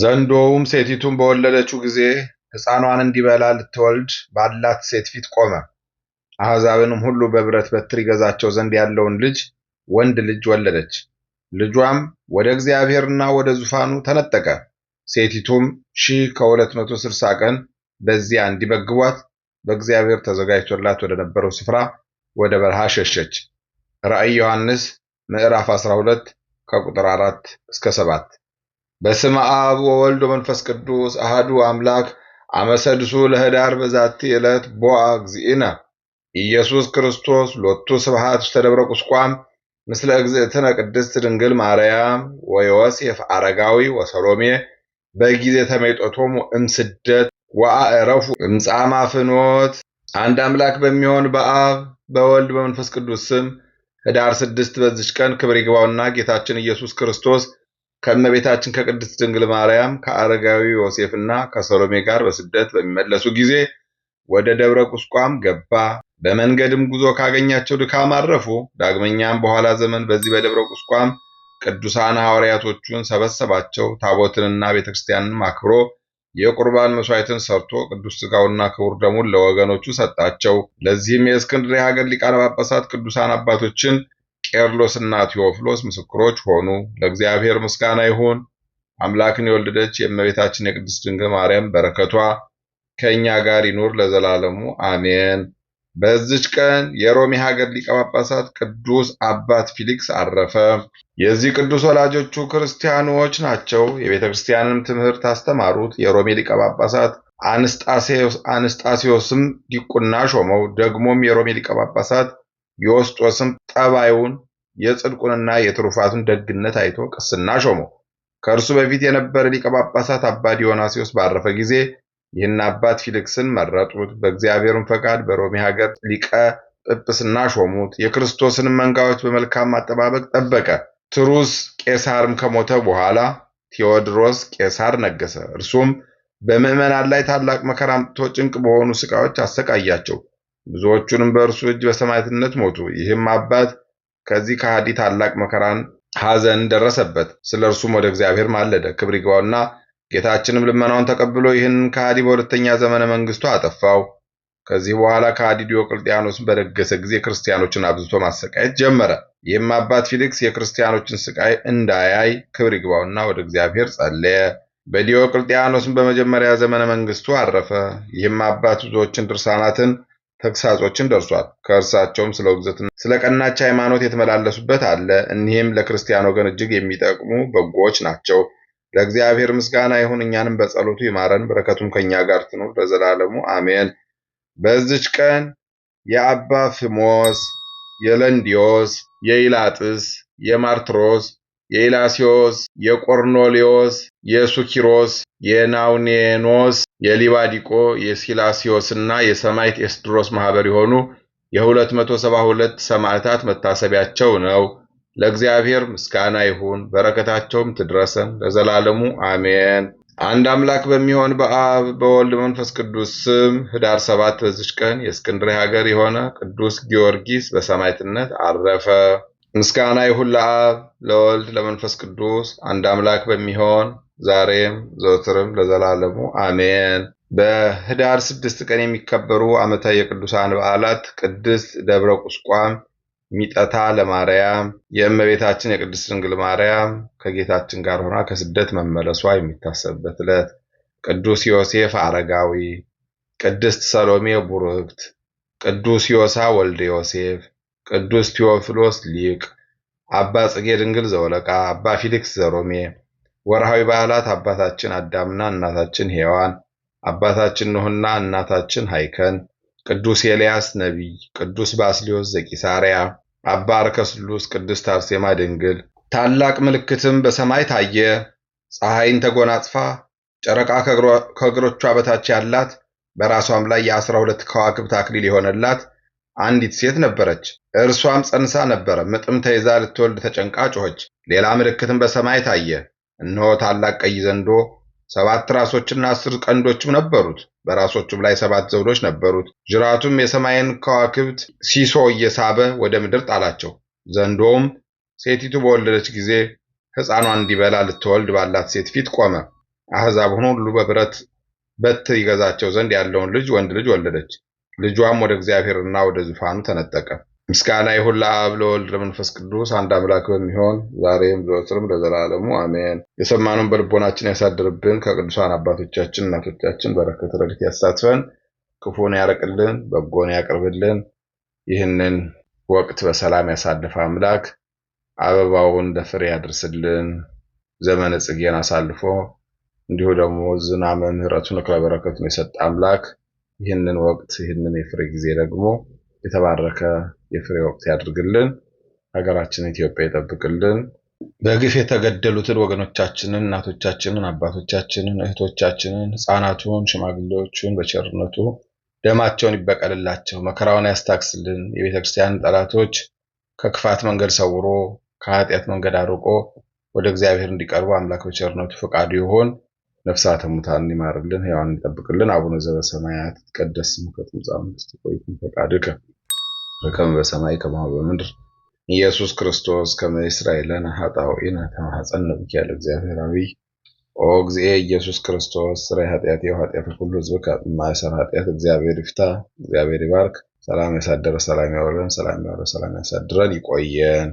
ዘንዶውም ሴቲቱን በወለደችው ጊዜ ሕፃኗን እንዲበላ ልትወልድ ባላት ሴት ፊት ቆመ። አሕዛብንም ሁሉ በብረት በትር ይገዛቸው ዘንድ ያለውን ልጅ ወንድ ልጅ ወለደች። ልጇም ወደ እግዚአብሔርና ወደ ዙፋኑ ተነጠቀ። ሴቲቱም ሺህ ከሁለት መቶ ስልሳ ቀን በዚያ እንዲመግቧት በእግዚአብሔር ተዘጋጅቶላት ወደ ነበረው ስፍራ ወደ በረሃ ሸሸች። ራእይ ዮሐንስ ምዕራፍ 12 ከቁጥር 4 እስከ 7 በስመ አብ ወወልድ ወመንፈስ ቅዱስ አህዱ አምላክ አመሰድሱ ለህዳር በዛቲ ዕለት ቦአ እግዚእነ ኢየሱስ ክርስቶስ ሎቱ ስብሐት ውስተ ደብረ ቁስቋም ምስለ እግዝእትነ ቅድስት ድንግል ማርያም ወዮሴፍ አረጋዊ ወሰሎሜ በጊዜ ተመይጦቶሙ እምስደት ወአዕረፉ እምጻማ ፍኖት። አንድ አምላክ በሚሆን በአብ በወልድ በመንፈስ ቅዱስ ስም ህዳር ስድስት በዚች ቀን ክብር ይግባውና ጌታችን ኢየሱስ ክርስቶስ ከእመቤታችን ከቅድስት ድንግል ማርያም ከአረጋዊ ዮሴፍና ከሰሎሜ ጋር በስደት በሚመለሱ ጊዜ ወደ ደብረ ቁስቋም ገባ። በመንገድም ጉዞ ካገኛቸው ድካም አረፉ። ዳግመኛም በኋላ ዘመን በዚህ በደብረ ቁስቋም ቅዱሳን ሐዋርያቶቹን ሰበሰባቸው። ታቦትንና ቤተ ክርስቲያንን አክብሮ የቁርባን መስዋዕትን ሰርቶ ቅዱስ ሥጋውና ክቡር ደሙን ለወገኖቹ ሰጣቸው። ለዚህም የእስክንድርያ ሀገር ሊቃነ ጳጳሳት ቅዱሳን አባቶችን ቄርሎስና ቴዎፍሎስ ምስክሮች ሆኑ። ለእግዚአብሔር ምስጋና ይሁን። አምላክን የወለደች የእመቤታችን የቅድስት ድንግል ማርያም በረከቷ ከእኛ ጋር ይኑር ለዘላለሙ አሜን። በዚች ቀን የሮሚ ሀገር ሊቀ ጳጳሳት ቅዱስ አባት ፊሊክስ አረፈ። የዚህ ቅዱስ ወላጆቹ ክርስቲያኖች ናቸው። የቤተ ክርስቲያንም ትምህርት አስተማሩት። የሮሜ ሊቀ ጳጳሳት አንስጣሴዎስም ዲቁና ሾመው። ደግሞም የሮሜ ሊቀ ጳጳሳት ዮስጦስም ጠባዩን የጽድቁንና የትሩፋቱን ደግነት አይቶ ቅስና ሾመው። ከእርሱ በፊት የነበረ ሊቀ ጳጳሳት አባ ዲዮናስዮስ ባረፈ ጊዜ ይህን አባት ፊልክስን መረጡት። በእግዚአብሔርም ፈቃድ በሮሜ ሀገር ሊቀ ጵጵስና ሾሙት። የክርስቶስን መንጋዎች በመልካም አጠባበቅ ጠበቀ። ትሩስ ቄሳርም ከሞተ በኋላ ቴዎድሮስ ቄሳር ነገሰ። እርሱም በምዕመናን ላይ ታላቅ መከራ አምጥቶ ጭንቅ በሆኑ ስቃዮች አሰቃያቸው። ብዙዎቹንም በእርሱ እጅ በሰማዕትነት ሞቱ። ይህም አባት ከዚህ ከሃዲ ታላቅ መከራን ሐዘን ደረሰበት። ስለ እርሱም ወደ እግዚአብሔር ማለደ። ክብር ይግባውና ጌታችንም ልመናውን ተቀብሎ ይህን ከሃዲ በሁለተኛ ዘመነ መንግስቱ አጠፋው። ከዚህ በኋላ ከሃዲ ዲዮቅልጥያኖስን በደገሰ ጊዜ ክርስቲያኖችን አብዝቶ ማሰቃየት ጀመረ። ይህም አባት ፊሊክስ የክርስቲያኖችን ስቃይ እንዳያይ ክብር ይግባውና ወደ እግዚአብሔር ጸለየ። በዲዮቅልጥያኖስን በመጀመሪያ ዘመነ መንግስቱ አረፈ። ይህም አባት ብዙዎችን ድርሳናትን ተግሳጾችም ደርሷል። ከእርሳቸውም ስለ ውግዘትና ስለ ቀናች ሃይማኖት የተመላለሱበት አለ። እኒህም ለክርስቲያን ወገን እጅግ የሚጠቅሙ በጎዎች ናቸው። ለእግዚአብሔር ምስጋና ይሁን፣ እኛንም በጸሎቱ ይማረን፣ በረከቱም ከእኛ ጋር ትኑር ለዘላለሙ አሜን። በዚች ቀን የአባ የለንዲዮስ፣ የኢላጥስ፣ የማርትሮስ የኢላሲዮስ፣ የቆርኔሌዎስ፣ የሱኪሮስ፣ የናውኔኖስ፣ የሊባዲቆ፣ የሲላሲዮስና የሰማይት ኤስድሮስ ማህበር የሆኑ የ272 ሰማዕታት መታሰቢያቸው ነው። ለእግዚአብሔር ምስጋና ይሁን፣ በረከታቸውም ትድረሰን ለዘላለሙ አሜን። አንድ አምላክ በሚሆን በአብ በወልድ መንፈስ ቅዱስ ስም ኅዳር ሰባት በዚች ቀን የእስክንድርያ ሀገር የሆነ ቅዱስ ጊዮርጊስ በሰማዕትነት አረፈ። ምስጋና ይሁን ለአብ ለወልድ ለመንፈስ ቅዱስ አንድ አምላክ በሚሆን ዛሬም ዘወትርም ለዘላለሙ አሜን። በህዳር ስድስት ቀን የሚከበሩ ዓመታዊ የቅዱሳን በዓላት ቅድስት ደብረ ቁስቋም ሚጠታ ለማርያም የእመቤታችን የቅድስት ድንግል ማርያም ከጌታችን ጋር ሆና ከስደት መመለሷ የሚታሰብበት ዕለት፣ ቅዱስ ዮሴፍ አረጋዊ፣ ቅድስት ሰሎሜ ቡርክት፣ ቅዱስ ዮሳ ወልደ ዮሴፍ ቅዱስ ቴዎፍሎስ ሊቅ፣ አባ ጽጌ ድንግል ዘወለቃ፣ አባ ፊሊክስ ዘሮሜ። ወርሃዊ በዓላት አባታችን አዳምና እናታችን ሔዋን፣ አባታችን ኖህና እናታችን ሀይከን፣ ቅዱስ ኤልያስ ነቢይ፣ ቅዱስ ባስሊዮስ ዘቂሳርያ፣ አባ አርከስሉስ፣ ቅድስት አርሴማ ድንግል። ታላቅ ምልክትም በሰማይ ታየ። ፀሐይን ተጎናጽፋ ጨረቃ ከእግሮቿ በታች ያላት በራሷም ላይ የአስራ ሁለት ከዋክብት አክሊል የሆነላት አንዲት ሴት ነበረች። እርሷም ጸንሳ ነበር፣ ምጥም ተይዛ ልትወልድ ተጨንቃ ጮኸች። ሌላ ምልክትም በሰማይ ታየ። እነሆ ታላቅ ቀይ ዘንዶ ሰባት ራሶችና አስር ቀንዶችም ነበሩት። በራሶቹም ላይ ሰባት ዘውዶች ነበሩት። ጅራቱም የሰማይን ከዋክብት ሲሶ እየሳበ ወደ ምድር ጣላቸው። ዘንዶውም ሴቲቱ በወለደች ጊዜ ሕፃኗን እንዲበላ ልትወልድ ባላት ሴት ፊት ቆመ። አሕዛብ ሁሉ በብረት በትር ይገዛቸው ዘንድ ያለውን ልጅ ወንድ ልጅ ወለደች። ልጇም ወደ እግዚአብሔርና ወደ ዙፋኑ ተነጠቀ። ምስጋና ይሁን ለአብ ለወልድ ለመንፈስ ቅዱስ አንድ አምላክ በሚሆን ዛሬም ዘወትርም ለዘላለሙ አሜን። የሰማነውን በልቦናችን ያሳድርብን። ከቅዱሳን አባቶቻችን እናቶቻችን በረከት ረድኤት ያሳትፈን፣ ክፉን ያርቅልን፣ በጎን ያቅርብልን። ይህንን ወቅት በሰላም ያሳልፈ አምላክ አበባውን ለፍሬ ያድርስልን። ዘመነ ጽጌን አሳልፎ እንዲሁ ደግሞ ዝናመ ምሕረቱን እክለ የሰጠ አምላክ ይህንን ወቅት ይህንን የፍሬ ጊዜ ደግሞ የተባረከ የፍሬ ወቅት ያድርግልን። ሀገራችን ኢትዮጵያ ይጠብቅልን። በግፍ የተገደሉትን ወገኖቻችንን፣ እናቶቻችንን፣ አባቶቻችንን፣ እህቶቻችንን፣ ህጻናቱን ሽማግሌዎቹን በቸርነቱ ደማቸውን ይበቀልላቸው፣ መከራውን ያስታክስልን። የቤተ ክርስቲያን ጠላቶች ከክፋት መንገድ ሰውሮ ከኃጢአት መንገድ አርቆ ወደ እግዚአብሔር እንዲቀርቡ አምላክ በቸርነቱ ፈቃዱ ይሆን። ነፍሳተ ሙታን ይማርልን ሕያዋንን ይጠብቅልን። አቡነ ዘበሰማያት ይትቀደስ ስምከ ትምጻእ መንግሥትከ ወይኩን ፈቃድከ በከመ በሰማይ ከማሁ በምድር ኢየሱስ ክርስቶስ ከመ ይስራይ ለነ ኃጣውኢነ ከመ ሐፀነ በኪ ያለ እግዚአብሔር አብይ ኦ እግዚእ ኢየሱስ ክርስቶስ ስራይ ኃጢአት የው ኃጢአት ሁሉ ህዝብ ከማያሰር ኃጢአት እግዚአብሔር ይፍታ፣ እግዚአብሔር ይባርክ። ሰላም ያሳደረ ሰላም ያወረን፣ ሰላም ያወረ ሰላም ያሳድረን። ይቆየን።